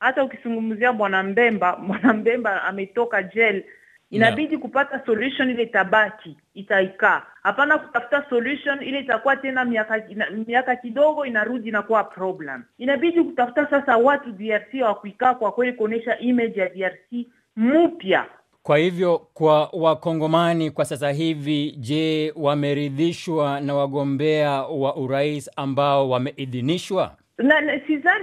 hata ukizungumzia bwana Mbemba, bwana Mbemba ametoka jel inabidi no. kupata solution ile itabaki itaikaa, hapana kutafuta solution ile itakuwa tena miaka ina, miaka kidogo inarudi inakuwa problem. Inabidi kutafuta sasa watu DRC wa kuikaa kwa kweli kuonyesha image ya DRC mpya Kwa hivyo kwa wakongomani kwa sasa hivi, je, wameridhishwa na wagombea wa urais ambao wameidhinishwa? na, na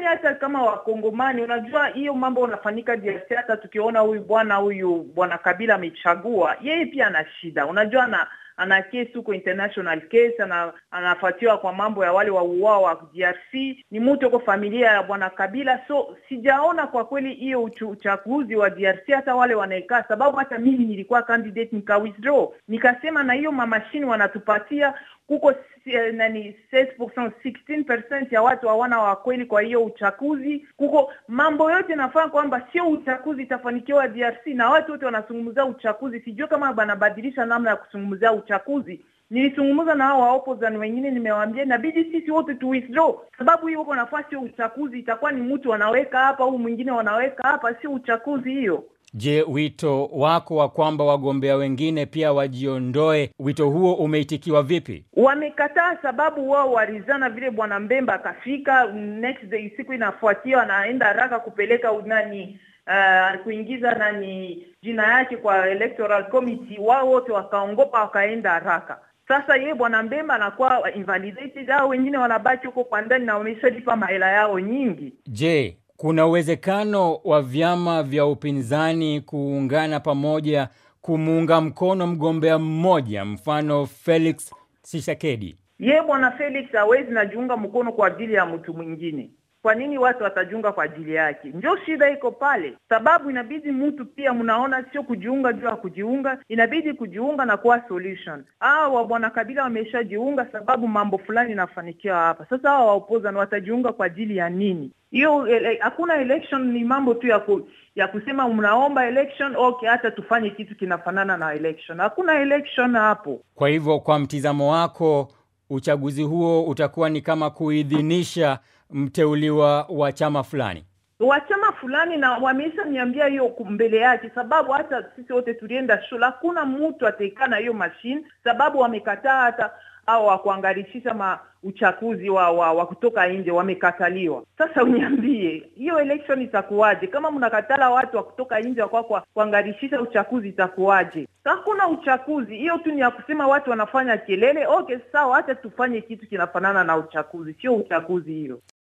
hata kama Wakongomani, unajua hiyo mambo unafanyika diasi Hata tukiona huyu bwana huyu bwana Kabila amechagua yeye pia ana shida, unajua ana ana kesi huko international case, ana, anafuatiwa kwa mambo ya wale wauao wa DRC, ni mtu uko familia ya bwana Kabila. So sijaona kwa kweli hiyo uchaguzi wa DRC hata wale wanaekaa, sababu hata mimi nilikuwa candidate nika withdraw nikasema, na hiyo mamashini wanatupatia kuko eh, nani 6% 16% ya watu hawana wa kweli. Kwa hiyo uchaguzi, kuko mambo yote nafaa kwamba sio uchaguzi itafanikiwa DRC, na watu wote wanazungumzia uchaguzi. Sijue kama banabadilisha namna ya kuzungumzia uchaguzi Nilizungumza na hao opposition wengine, nimewaambia inabidi sisi wote tu withdraw, sababu hii huko nafasi ya uchaguzi itakuwa ni mtu wanaweka hapa au mwingine wanaweka hapa, sio uchaguzi hiyo. Je, wito wako wa kwamba wagombea wengine pia wajiondoe, wito huo umeitikiwa vipi? Wamekataa sababu wao warizana vile bwana Mbemba akafika next day, siku inafuatia wanaenda haraka kupeleka nani Uh, kuingiza nani jina yake kwa electoral committee, wao wote wakaongopa wakaenda haraka. Sasa yeye bwana Mbemba anakuwa invalidated au wengine wanabaki huko kwa ndani na wameshalipa mahela yao nyingi. Je, kuna uwezekano wa vyama vya upinzani kuungana pamoja kumuunga mkono mgombea mmoja, mfano Felix Tshisekedi? Ye bwana Felix hawezi najiunga mkono kwa ajili ya mtu mwingine. Kwa nini watu watajiunga kwa ajili yake? Ndio shida iko pale, sababu inabidi mtu pia, mnaona sio kujiunga juu ya kujiunga, inabidi kujiunga na kuwa solution. Hawa bwana Kabila wameshajiunga sababu mambo fulani inafanikiwa hapa. Sasa hawa wa opposition watajiunga kwa ajili ya nini? Hiyo eh, eh, hakuna ele, election ni mambo tu ya ku, ya kusema mnaomba election okay, hata tufanye kitu kinafanana na election. Hakuna election hapo. Kwa hivyo, kwa mtizamo wako uchaguzi huo utakuwa ni kama kuidhinisha mteuliwa wa chama fulani wa chama fulani, na wameisha niambia hiyo mbele yake, sababu hata sisi wote tulienda shule, hakuna mtu ataikaa na hiyo mashine, sababu wamekataa hata au wa ma uchaguzi wa, wa, wa kutoka nje wamekataliwa. Sasa uniambie hiyo election itakuwaje? Kama mnakatala watu wa kutoka nje kwa kwa kuangarishisha uchaguzi itakuwaje? Hakuna uchaguzi, hiyo tu ni ya kusema watu wanafanya kelele. Okay, sawa, hata tufanye kitu kinafanana na uchaguzi, sio uchaguzi hiyo.